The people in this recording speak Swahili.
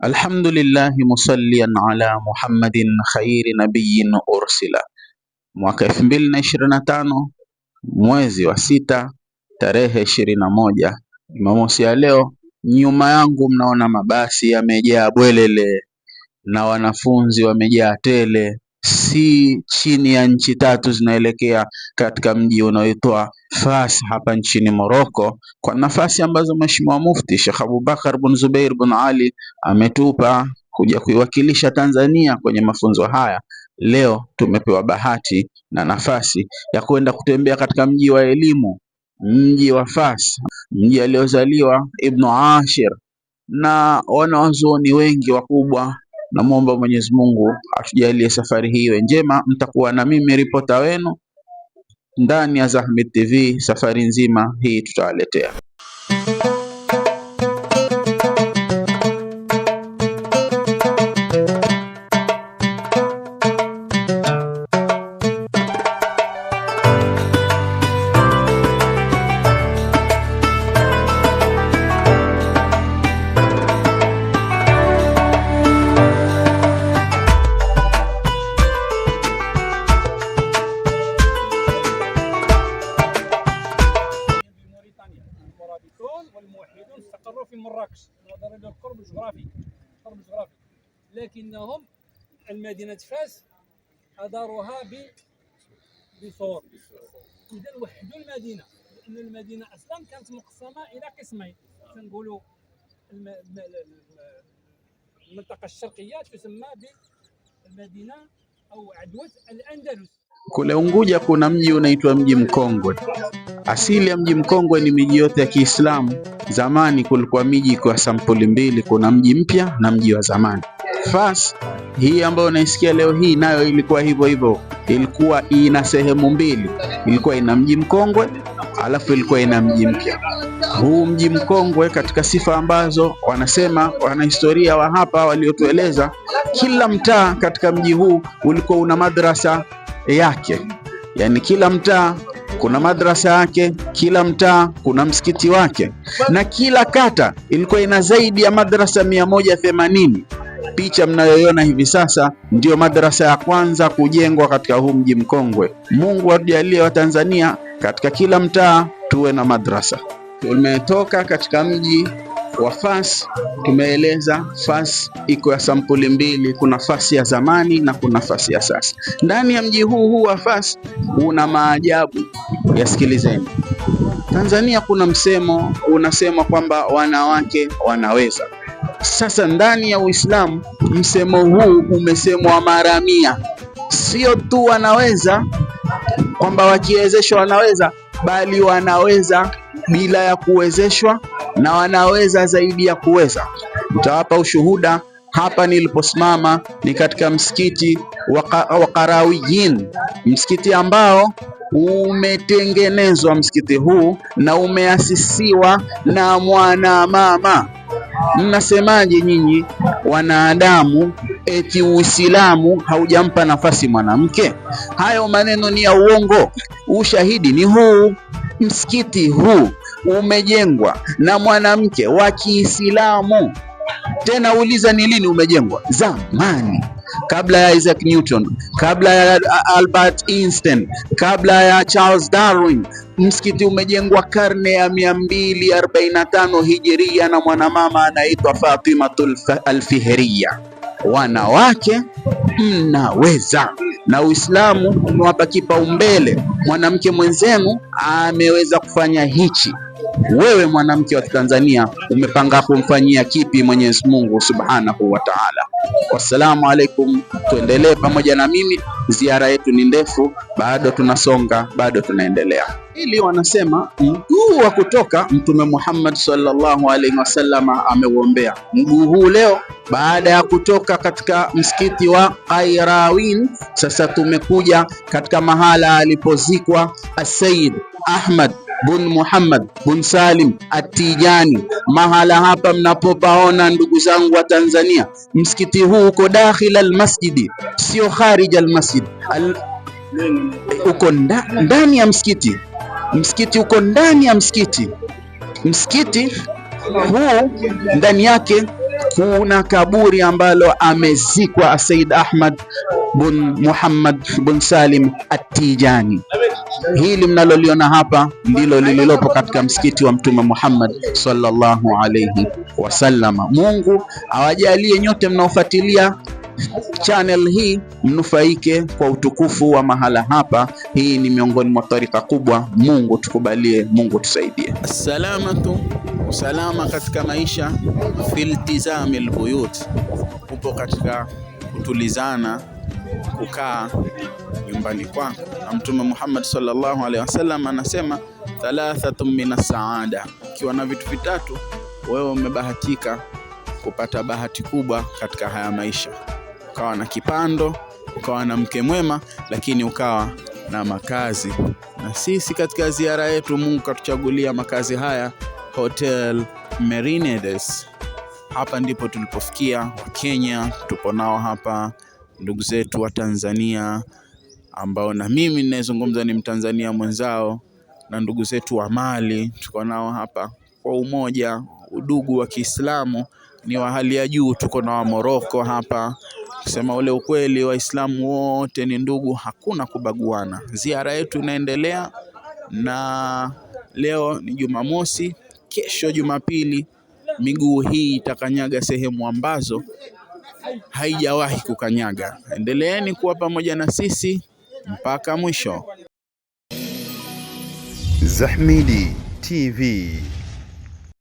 Alhamdulillahi musallian ala Muhammadin khairi nabiyin ursila. Mwaka 2025 mwezi wa sita tarehe 21 Jumamosi ya leo, nyuma yangu mnaona mabasi yamejaa bwelele na wanafunzi wamejaa tele si chini ya nchi tatu zinaelekea katika mji unaoitwa Fas hapa nchini Morocco, kwa nafasi ambazo Mheshimiwa Mufti Sheikh Abubakar bin Zubair bin Ali ametupa kuja kuiwakilisha Tanzania kwenye mafunzo haya. Leo tumepewa bahati na nafasi ya kwenda kutembea katika mji wa elimu, mji wa Fas, mji aliozaliwa Ibnu Ashir na wanawazuoni wengi wakubwa Namwomba Mwenyezi Mungu atujalie safari hiyo njema. Mtakuwa na mimi ripota wenu ndani ya Zahmid TV, safari nzima hii tutawaletea. المشركون والموحدون استقروا في مراكش نظرا للقرب الجغرافي القرب الجغرافي لكنهم المدينه فاس اداروها ب بصور اذا وحدوا المدينه لان المدينه اصلا كانت مقسمه الى قسمين تنقولوا المنطقه الشرقيه تسمى بالمدينه أو عدوة الأندلس andalus Kule Unguja kuna mji unaitwa مكونغو Asili ya mji mkongwe ni miji yote ya Kiislamu. Zamani kulikuwa miji kwa sampuli mbili, kuna mji mpya na mji wa zamani. Fas hii ambayo unaisikia leo hii nayo ilikuwa hivyo hivyo, ilikuwa ina sehemu mbili, ilikuwa ina mji mkongwe alafu ilikuwa ina mji mpya. Huu mji mkongwe, katika sifa ambazo wanasema wanahistoria wa hapa waliotueleza, kila mtaa katika mji huu ulikuwa una madrasa yake, yani kila mtaa kuna madrasa yake, kila mtaa kuna msikiti wake, na kila kata ilikuwa ina zaidi ya madrasa 180. Picha mnayoiona hivi sasa ndiyo madrasa ya kwanza kujengwa katika huu mji mkongwe. Mungu wa tanzania katika kila mtaa tuwe na madrasa. Tumetoka katika mji wa FAS tumeeleza FAS iko ya sampuli mbili, kuna FAS ya zamani na kuna FAS ya sasa. Ndani ya mji huu huu wa FAS una maajabu, yasikilizeni. Tanzania kuna msemo unasema kwamba wanawake wanaweza. Sasa ndani ya Uislamu msemo huu umesemwa mara mia, sio tu wanaweza kwamba wakiwezeshwa wanaweza, bali wanaweza bila ya kuwezeshwa na wanaweza zaidi ya kuweza. Mtawapa ushuhuda hapa niliposimama ni katika msikiti wa Qarawiyin, msikiti ambao umetengenezwa msikiti huu na umeasisiwa na mwanamama. Mnasemaje nyinyi wanadamu, eti Uislamu haujampa nafasi mwanamke? Hayo maneno ni ya uongo. Ushahidi ni huu, msikiti huu umejengwa na mwanamke wa Kiislamu. Tena uliza ni lini umejengwa? Zamani, kabla ya Isaac Newton, kabla ya Albert Einstein, kabla ya Charles Darwin. Msikiti umejengwa karne ya 245 Hijiria na mwanamama anaitwa Fatima Al-Fihriya. Wanawake mnaweza na Uislamu umewapa kipaumbele. Mwanamke mwenzenu ameweza kufanya hichi, wewe mwanamke wa Tanzania umepanga kumfanyia kipi Mwenyezi Mungu Subhanahu wa Ta'ala? Wassalamu alaikum, tuendelee pamoja na mimi. Ziara yetu ni ndefu, bado tunasonga, bado tunaendelea. Ili wanasema mguu wa kutoka Mtume Muhammad sallallahu alaihi wasallama ameuombea mguu huu leo baada ya kutoka katika msikiti wa Qairawin. Sasa tumekuja katika mahala alipozikwa Asaid Ahmad bun Muhammad bun Salim Atijani. Mahala hapa mnapopaona ndugu zangu wa Tanzania, msikiti huu uko dakhil almasjidi, sio kharij almasjid al... uko nda... ndani ya msikiti, msikiti uko ndani ya msikiti, msikiti huu ndani yake kuna kaburi ambalo amezikwa Said Ahmad bin Muhammad bin Salim atijani Hili mnaloliona hapa ndilo lililopo katika msikiti wa Mtume Muhammad sallallahu alayhi wasallam. Mungu awajalie nyote mnaofuatilia channel hii mnufaike kwa utukufu wa mahala hapa. Hii ni miongoni mwa tarika kubwa. Mungu tukubalie, Mungu tusaidie. Assalamatu Usalama katika maisha filtizami lbuyut, upo katika kutulizana kukaa nyumbani kwako. Na Mtume Muhammad sallallahu alaihi wasallam anasema thalathatun min saada, ukiwa na vitu vitatu wewe umebahatika kupata bahati kubwa katika haya maisha, ukawa na kipando, ukawa na mke mwema, lakini ukawa na makazi. Na sisi katika ziara yetu, Mungu katuchagulia makazi haya. Hotel Mercedes. Hapa ndipo tulipofikia. kenya tupo nao hapa, ndugu zetu wa Tanzania ambao na mimi ninayezungumza ni Mtanzania mwenzao, na ndugu zetu wa Mali tuko nao hapa kwa umoja. Udugu wa Kiislamu ni wa hali ya juu. Tuko na wa moroko hapa kusema ule ukweli, Waislamu wote ni ndugu, hakuna kubaguana. Ziara yetu inaendelea na leo ni Jumamosi kesho Jumapili miguu hii itakanyaga sehemu ambazo haijawahi kukanyaga. Endeleeni kuwa pamoja na sisi mpaka mwisho. Zahmidi TV.